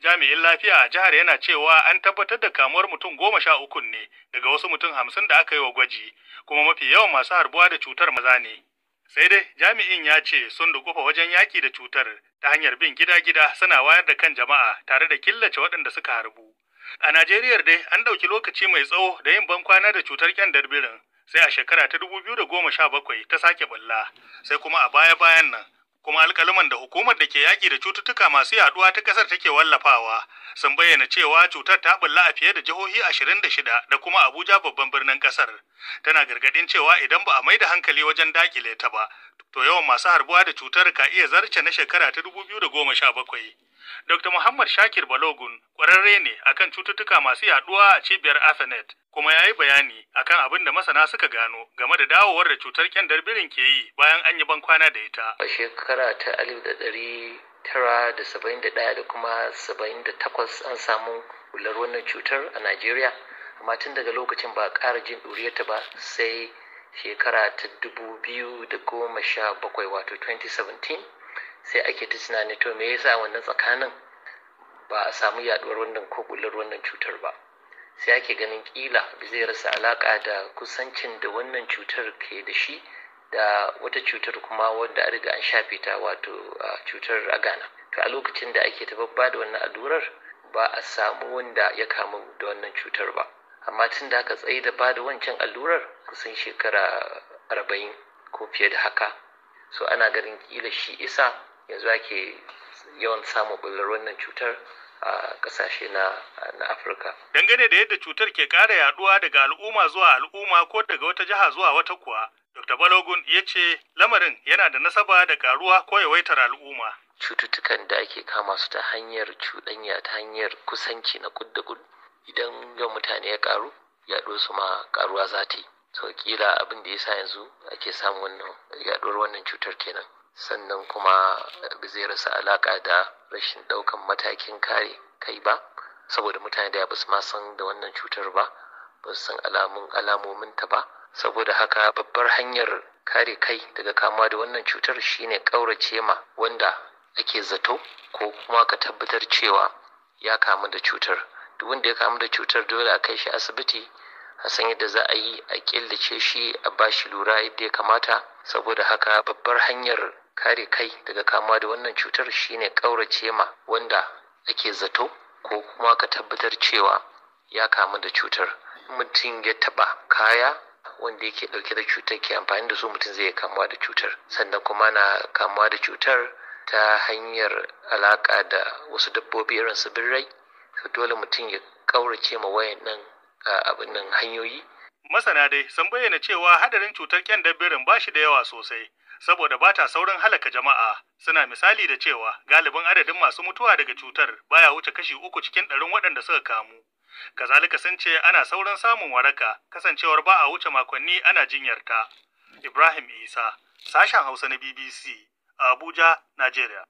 Jami'in lafiya a jihar yana cewa an tabbatar da kamuwar mutum goma sha uku ne daga wasu mutum hamsin da aka yi wa gwaji, kuma mafi yawan masu harbuwa da cutar maza ne. Sai dai jami'in ya ce sun dukufa wajen yaƙi da cutar ta hanyar bin gida-gida suna wayar da kan jama'a tare da killace waɗanda suka harbu. A Najeriya dai an ɗauki lokaci mai tsawo da yin bankwana da cutar kyandar birin sai a shekara ta dubu biyu da sha bakwai ta sake bulla sai kuma a baya-bayan nan kuma alkaliman da hukumar da ke yaƙi da cututtuka masu yaduwa ta ƙasar take wallafawa sun bayyana cewa cutar ta bulla a fiye da jihohi 26 da kuma Abuja babban birnin ƙasar. Tana gargadin cewa idan ba a mai da hankali wajen dakile ta ba, to yawan masu harbuwa da cutar ka iya zarce na shekara ta 2017. Dr. Muhammad Shakir Balogun ƙwararre ne akan cututtuka masu yaɗuwa a cibiyar Afenet kuma ya yi bayani akan abin da masana suka gano game da dawowar da cutar kyandar birin ke yi bayan an yi bankwana da ita. A shekara ta alif da ɗari tara da saba'in da ɗaya da kuma saba'in da takwas an samu hular wannan cutar a Najeriya amma tun daga lokacin ba ƙara jin ɗuriyarta ba sai shekara ta dubu biyu da goma sha bakwai wato 2017 sai ake ta tunani to me yasa wannan tsakanin ba a samu yaduwar wannan ko bullar wannan cutar ba sai ake ganin kila zai rasa alaka da kusancin da wannan cutar ke da shi da wata cutar kuma wanda a riga an shafe ta wato cutar agana to a lokacin da ake ta babba da wannan allurar ba a samu wanda ya kamu da wannan cutar ba amma tun da aka tsaye da ba wancan allurar kusan shekara arba'in ko fiye da haka so ana ganin kila shi isa yanzu ake yawan samun bullar wannan cutar a kasashe na afirka dangane da yadda cutar ke kara yaduwa daga al'umma zuwa al'umma ko daga wata jiha zuwa wata kuwa dr balogun ya ce lamarin yana da nasaba da karuwa ko yawaitar al'umma cututtukan da ake kama su ta hanyar cuɗanya ta hanyar kusanci na kudda idan yawan mutane ya karu ya su ma karuwa za ta yi so abin da ya sa yanzu ake samun wannan yaɗuwar wannan cutar kenan sannan kuma zai rasa alaka da rashin daukan matakin kare kai ba saboda mutane da basu ma san da wannan cutar ba ba su san alamun alamomin ta ba saboda haka babbar hanyar kare kai daga kamuwa da wannan cutar shine ƙaurace ma wanda ake zato ko kuma ka tabbatar cewa ya kamu da cutar duk wanda ya kamu da cutar dole a kai shi asibiti a san yadda za a yi a killace shi a bashi lura yadda ya kamata saboda haka babbar hanyar kare kai daga kamuwa da wannan cutar shine ƙaurace ma wanda ake zato ko kuma ka tabbatar cewa ya kamu da cutar mutum ya taɓa kaya wanda yake ɗauke da cutar ke amfani da su mutum zai kamuwa da cutar sannan kuma na kamuwa da cutar ta hanyar alaƙa da wasu dabbobi irin su birrai dole mutum ya kaurace ma wayannan abin nan hanyoyi masana dai sun bayyana cewa hadarin cutar kyan birin ba shi da yawa sosai saboda ba ta saurin halaka jama'a suna misali da cewa galibin adadin masu mutuwa daga cutar baya wuce kashi uku cikin ɗarin waɗanda suka kamu kazalika sun ce ana saurin samun waraka kasancewar ba a wuce makonni ana jinyarta ibrahim isa sashen hausa na bbc abuja nigeria